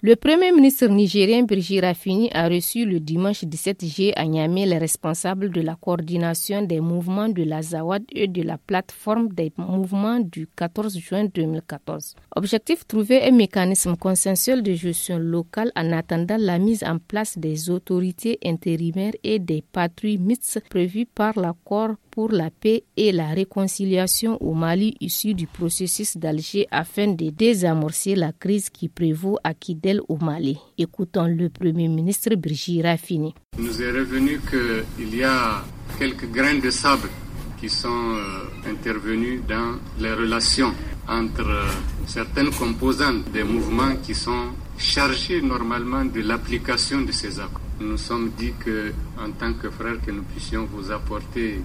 Le Premier ministre nigérien Brigitte Rafini a reçu le dimanche 17 juillet à Niamey les responsables de la coordination des mouvements de la Zawad et de la plateforme des mouvements du 14 juin 2014. Objectif trouver un mécanisme consensuel de gestion locale en attendant la mise en place des autorités intérimaires et des patrouilles mixtes prévues par l'accord pour la paix et la réconciliation au Mali issus du processus d'Alger afin de désamorcer la crise qui prévaut à Kidel au Mali. Écoutons le Premier ministre Brigitte Raffini. Nous est revenu qu'il y a quelques grains de sable qui sont euh, intervenus dans les relations entre euh, certaines composantes des mouvements qui sont chargés normalement de l'application de ces accords. Nous nous sommes dit que, en tant que frères, que nous puissions vous apporter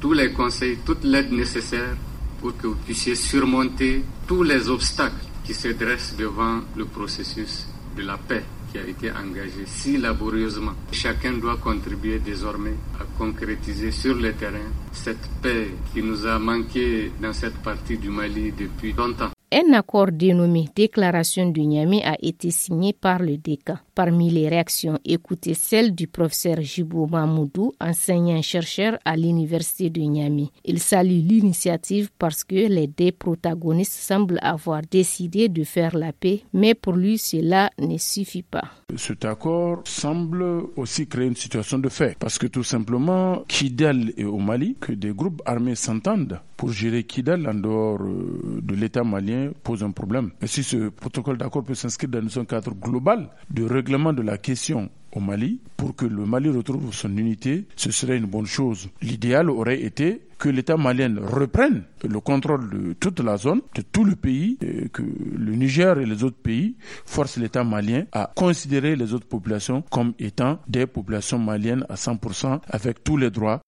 tous les conseils, toute l'aide nécessaire pour que vous puissiez surmonter tous les obstacles qui se dressent devant le processus de la paix qui a été engagé si laborieusement. Chacun doit contribuer désormais à concrétiser sur le terrain cette paix qui nous a manqué dans cette partie du Mali depuis longtemps. Un accord dénommé Déclaration du Niamey a été signé par le DECA. Parmi les réactions, écoutez celle du professeur Jibo Mamoudou, enseignant-chercheur à l'université de Niamey. Il salue l'initiative parce que les deux protagonistes semblent avoir décidé de faire la paix, mais pour lui, cela ne suffit pas. Cet accord semble aussi créer une situation de fait, parce que tout simplement, Kidal est au Mali, que des groupes armés s'entendent pour gérer Kidal en dehors euh, de l'État malien pose un problème. Et si ce protocole d'accord peut s'inscrire dans un cadre global de règlement de la question au Mali pour que le Mali retrouve son unité, ce serait une bonne chose. L'idéal aurait été que l'État malien reprenne le contrôle de toute la zone, de tout le pays, que le Niger et les autres pays forcent l'État malien à considérer les autres populations comme étant des populations maliennes à 100% avec tous les droits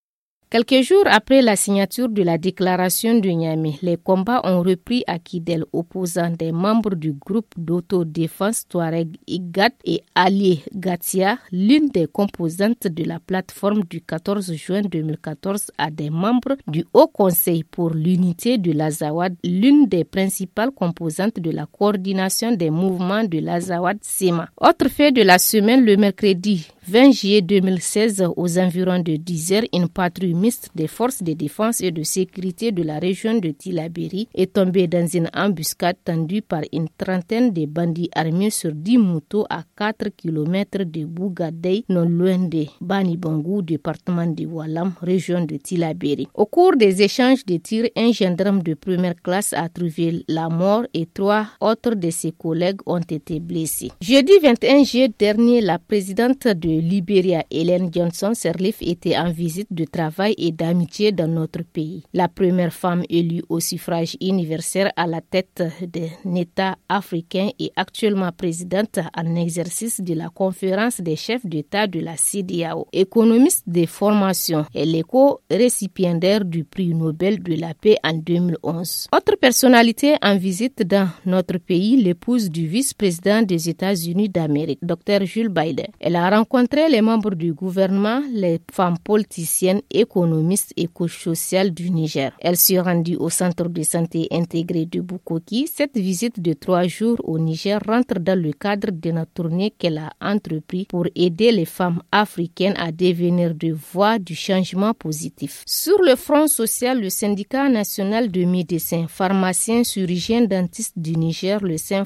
Quelques jours après la signature de la déclaration de Niamey, les combats ont repris à Kidel, opposant des membres du groupe d'autodéfense Touareg IGAT et Ali Gatia, l'une des composantes de la plateforme du 14 juin 2014, à des membres du Haut Conseil pour l'unité de l'Azawad, l'une des principales composantes de la coordination des mouvements de l'Azawad-SEMA. Autre fait de la semaine, le mercredi 20 juillet 2016, aux environs de 10 heures, une patrouille mixte des forces de défense et de sécurité de la région de Tilaberi est tombée dans une embuscade tendue par une trentaine de bandits armés sur 10 motos à 4 km de Bougadei, non loin de Banibangou, département de Walam, région de Tilaberi. Au cours des échanges de tirs, un gendarme de première classe a trouvé la mort et trois autres de ses collègues ont été blessés. Jeudi 21 juillet dernier, la présidente de Liberia, Helen Johnson Sirleaf était en visite de travail et d'amitié dans notre pays. La première femme élue au suffrage universel à la tête d'un État africain et actuellement présidente en exercice de la conférence des chefs d'État de la CDAO. Économiste de formation elle est co-récipiendaire du prix Nobel de la paix en 2011. Autre personnalité en visite dans notre pays, l'épouse du vice-président des États-Unis d'Amérique, Dr. Jules Biden. Elle a rencontré les membres du gouvernement, les femmes politiciennes, économistes et sociales du Niger. Elle s'est rendue au centre de santé intégré de Bukoki. Cette visite de trois jours au Niger rentre dans le cadre de la tournée qu'elle a entreprise pour aider les femmes africaines à devenir de voix du changement positif. Sur le front social, le syndicat national de médecins, pharmaciens, chirurgiens, dentistes du Niger, le saint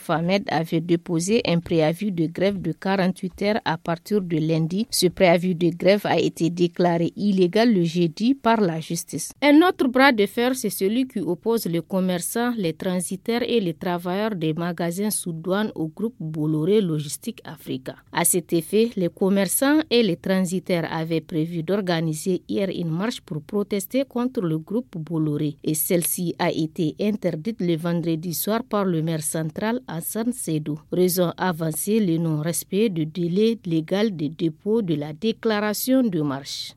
avait déposé un préavis de grève de 48 heures à partir de lundi. Ce préavis de grève a été déclaré illégal le jeudi par la justice. Un autre bras de fer, c'est celui qui oppose les commerçants, les transitaires et les travailleurs des magasins sous douane au groupe Bolloré Logistique Africa. À cet effet, les commerçants et les transitaires avaient prévu d'organiser hier une marche pour protester contre le groupe Bolloré et celle-ci a été interdite le vendredi soir par le maire central à San Sedou. Raison avancée, le non-respect du délai légal de dépôt de la déclaration de marche.